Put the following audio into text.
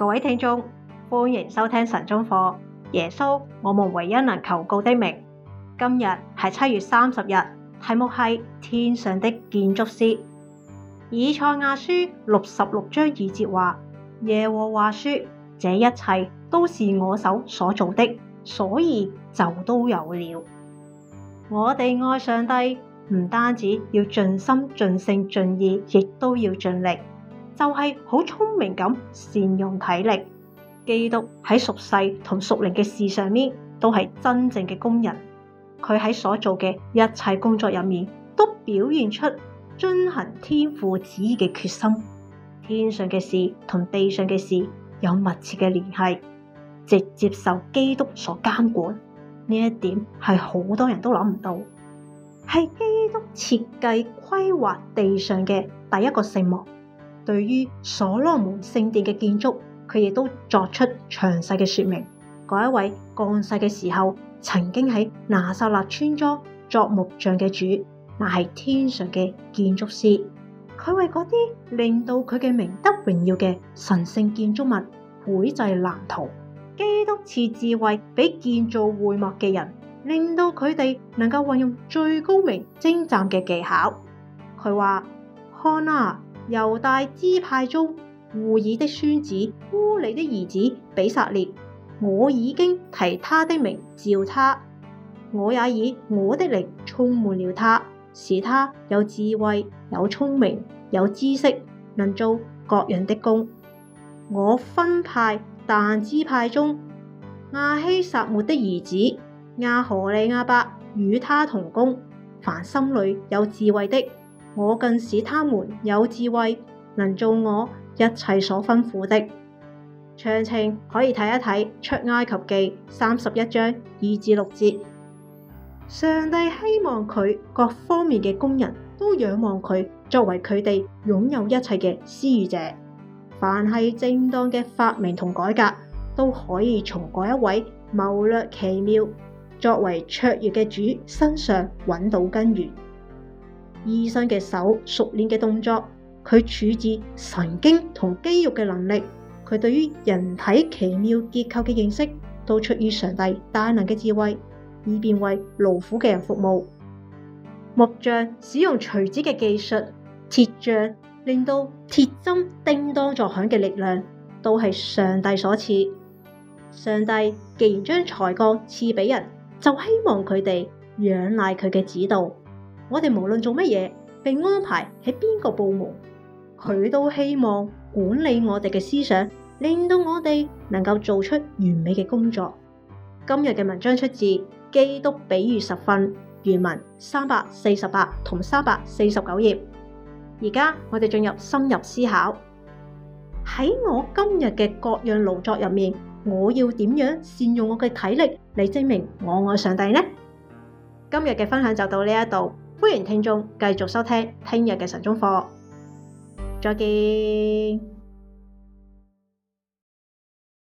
各位聽眾，歡迎收聽晨鐘課。耶穌，我們唯一能求告的名。今日係七月三十日，題目係天上的建築師。以賽亞書六十六章二節話：耶和華說，這一切都是我手所做的，所以就都有了。我哋愛上帝，唔單止要盡心、盡性、盡意，亦都要盡力。就係好聰明咁善用體力。基督喺屬世同屬靈嘅事上面都係真正嘅工人。佢喺所做嘅一切工作入面都表現出遵行天父旨意嘅決心。天上嘅事同地上嘅事有密切嘅聯繫，直接受基督所監管。呢一點係好多人都諗唔到，係基督設計規劃地上嘅第一個聖幕。對於所羅門聖殿嘅建築，佢亦都作出詳細嘅說明。嗰一位降世嘅時候，曾經喺拿撒勒村莊作木匠嘅主，乃係天上嘅建築師。佢為嗰啲令到佢嘅名得榮耀嘅神聖建築物繪製藍圖。基督賜智慧俾建造會幕嘅人，令到佢哋能夠運用最高明精湛嘅技巧。佢話：看啊！猶大支派中戶爾的孫子烏里的兒子比撒列，我已經提他的名召他，我也以我的靈充滿了他，使他有智慧、有聰明、有知識，能做各樣的工。我分派但支派中亞希撒末的兒子亞何利亞伯與他同工，凡心裏有智慧的。我更使他們有智慧，能做我一切所吩咐的。詳情可以睇一睇《出埃及記》三十一章二至六節。上帝希望佢各方面嘅工人都仰望佢，作為佢哋擁有一切嘅施與者。凡係正當嘅發明同改革，都可以從嗰一位謀略奇妙、作為卓越嘅主身上揾到根源。醫生嘅手熟練嘅動作，佢處置神經同肌肉嘅能力，佢對於人體奇妙結構嘅認識，都出於上帝大能嘅智慧，以便為勞苦嘅人服務。木匠使用錘子嘅技術，鐵匠令到鐵針叮噹作響嘅力量，都係上帝所賜。上帝既然將才幹賜俾人，就希望佢哋仰賴佢嘅指導。我哋無論做乜嘢，被安排喺邊個部門，佢都希望管理我哋嘅思想，令到我哋能夠做出完美嘅工作。今日嘅文章出自《基督比喻實訓》原文三百四十八同三百四十九頁。而家我哋進入深入思考。喺我今日嘅各樣勞作入面，我要點樣善用我嘅體力嚟證明我愛上帝呢？今日嘅分享就到呢一度。歡迎聽眾繼續收聽聽日嘅晨鐘課，再見。